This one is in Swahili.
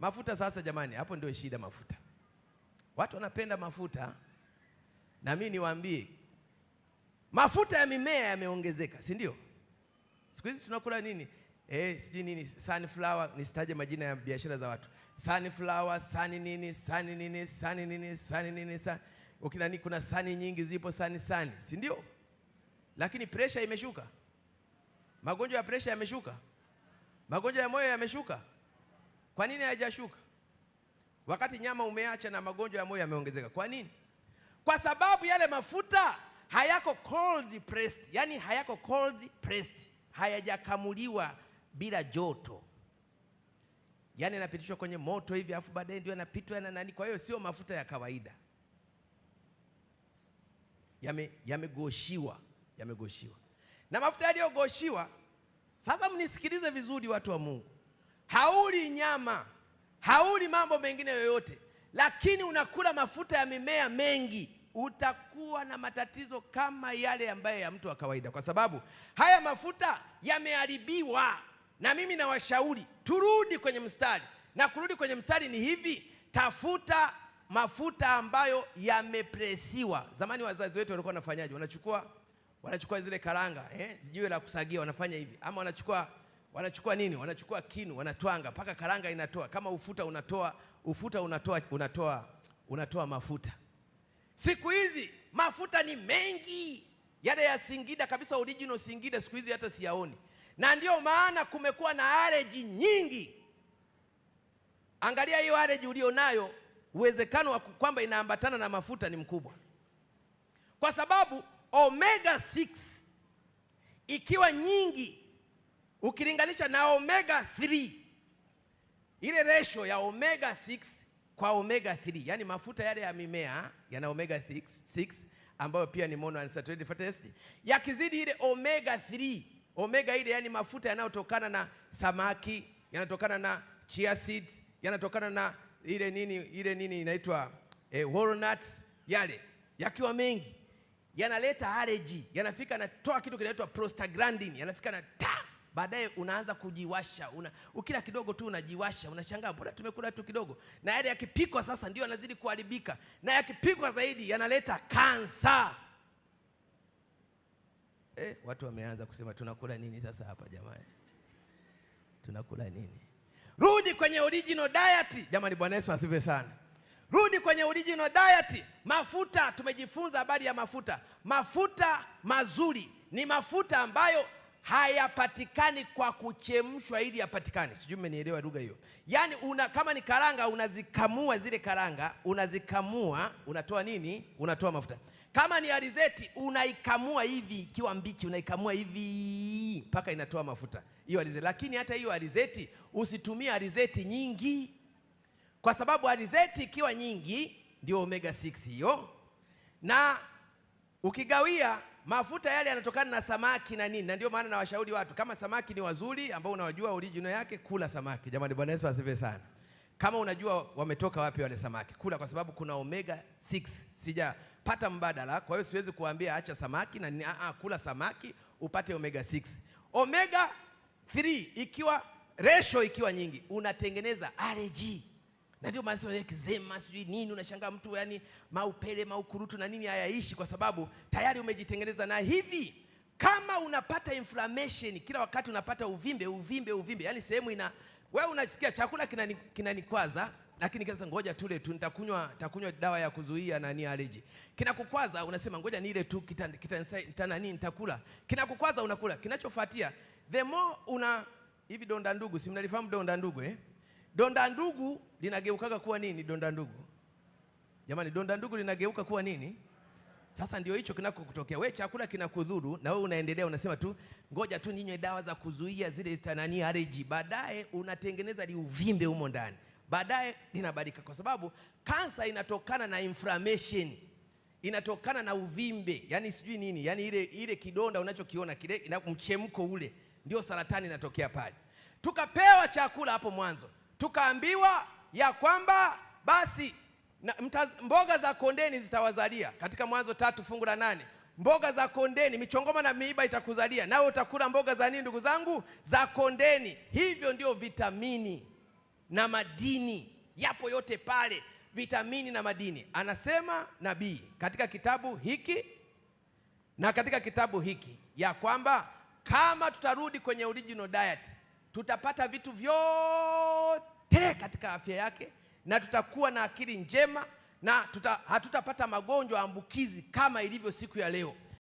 Mafuta sasa, jamani, hapo ndio shida. Mafuta, watu wanapenda mafuta, na mimi niwaambie, mafuta ya mimea yameongezeka, si ndio? Siku hizi tunakula nini? Eh, sijui nini, sunflower. Nisitaje majina ya biashara za watu, sunflower, sani nini, sani nini, sani nini, sani nini, sani ni kuna sani nyingi zipo, sani sani, si ndio? Lakini pressure imeshuka, magonjwa ya pressure yameshuka, magonjwa ya moyo yameshuka kwa nini haijashuka wakati nyama umeacha na magonjwa ya moyo yameongezeka? Kwa nini? Kwa sababu yale mafuta hayako cold pressed, yani hayako cold pressed, hayajakamuliwa bila joto, yani yanapitishwa kwenye moto hivi, afu baadaye ndio yanapitwa na nani. Kwa hiyo sio mafuta ya kawaida, yamegoshiwa, yame yamegoshiwa na mafuta yaliyogoshiwa. Sasa mnisikilize vizuri, watu wa Mungu hauli nyama, hauli mambo mengine yoyote, lakini unakula mafuta ya mimea mengi, utakuwa na matatizo kama yale ambayo ya mtu wa kawaida, kwa sababu haya mafuta yameharibiwa. Na mimi nawashauri turudi kwenye mstari, na kurudi kwenye mstari ni hivi, tafuta mafuta ambayo yamepresiwa. Zamani wazazi wetu walikuwa wanafanyaje? Wanachukua wanachukua zile karanga eh, zijiwe la kusagia, wanafanya hivi ama wanachukua wanachukua nini? Wanachukua kinu, wanatwanga mpaka karanga inatoa. Kama ufuta unatoa ufuta unatoa unatoa unatoa mafuta. Siku hizi mafuta ni mengi, yale ya Singida kabisa, original Singida siku hizi hata siyaoni, na ndiyo maana kumekuwa na areji nyingi. Angalia hiyo areji ulionayo, uwezekano wa kwamba inaambatana na mafuta ni mkubwa, kwa sababu omega 6 ikiwa nyingi ukilinganisha na omega 3 ile ratio ya omega 6 kwa omega 3, yani mafuta yale ya mimea yana omega 6, 6 ambayo pia ni monounsaturated fatty acid, yakizidi ile omega 3, omega ile yani mafuta yanayotokana na samaki, yanatokana na chia seeds, yanatokana na ile nini ile nini inaitwa eh, walnuts, yale yakiwa mengi yanaleta allergy, yanafika toa kitu kinaitwa prostaglandin, yanafika na ta baadaye unaanza kujiwasha una, ukila kidogo tu unajiwasha, unashangaa mbona tumekula tu kidogo. Na yale yakipikwa sasa ndio yanazidi kuharibika, na yakipikwa zaidi yanaleta kansa. Eh, watu wameanza kusema tunakula nini sasa hapa jamani, tunakula nini? Rudi kwenye original diet jamani. Bwana Yesu asifiwe sana. Rudi kwenye original diet. Mafuta, tumejifunza habari ya mafuta. Mafuta mazuri ni mafuta ambayo hayapatikani kwa kuchemshwa ili yapatikane. Sijui mmenielewa lugha hiyo. Yaani una, kama ni karanga unazikamua zile karanga, unazikamua unatoa nini? Unatoa mafuta. Kama ni alizeti unaikamua hivi ikiwa mbichi, unaikamua hivi mpaka inatoa mafuta hiyo alizeti. Lakini hata hiyo alizeti usitumie alizeti nyingi, kwa sababu alizeti ikiwa nyingi ndio omega 6 hiyo, na ukigawia mafuta yale yanatokana na samaki na nini, na ndio maana nawashauri watu, kama samaki ni wazuri ambao unawajua original yake, kula samaki. Jamani, Bwana Yesu asifiwe sana. Kama unajua wametoka wapi wale samaki, kula, kwa sababu kuna omega 6. Sijapata mbadala, kwa hiyo siwezi kuambia acha samaki na a A, ah, ah, kula samaki upate omega 6. Omega 3 ikiwa ratio ikiwa nyingi, unatengeneza allergy na ndio maana sasa eh, kizema sijui nini, unashangaa mtu yani maupele maukurutu na nini hayaishi, kwa sababu tayari umejitengeneza. Na hivi kama unapata inflammation kila wakati, unapata uvimbe uvimbe uvimbe, yani sehemu ina wewe unasikia chakula kinanikwaza kina lakini kwanza ngoja tule tu, nitakunywa takunywa dawa ya kuzuia nani allergy. Kinakukwaza unasema ngoja nile tu kita, kita, kita nani nitakula. Kinakukwaza unakula. Kinachofuatia the more una hivi donda ndugu, si mnalifahamu donda ndugu eh? donda ndugu linageukaga kuwa nini? Donda ndugu jamani, donda ndugu linageuka kuwa nini? Sasa ndio hicho kinakokutokea wewe, chakula kinakudhuru na wewe unaendelea unasema tu ngoja tu ninywe dawa za kuzuia zile tanani allergy, baadaye unatengeneza liuvimbe humo ndani, baadaye linabadilika, kwa sababu kansa inatokana na inflammation, inatokana na uvimbe, yani sijui nini, yani ile, ile kidonda unachokiona kile, mchemko ule ndio saratani inatokea pale. Tukapewa chakula hapo mwanzo tukaambiwa ya kwamba basi na, mtaz, mboga za kondeni zitawazalia katika Mwanzo tatu fungu la nane mboga za kondeni, michongoma na miiba itakuzalia, nawe utakula mboga za nini? Ndugu zangu, za kondeni. Hivyo ndio vitamini na madini yapo yote pale, vitamini na madini. Anasema nabii katika kitabu hiki na katika kitabu hiki ya kwamba kama tutarudi kwenye original diet tutapata vitu vyote katika afya yake na tutakuwa na akili njema na tuta, hatutapata magonjwa ambukizi kama ilivyo siku ya leo.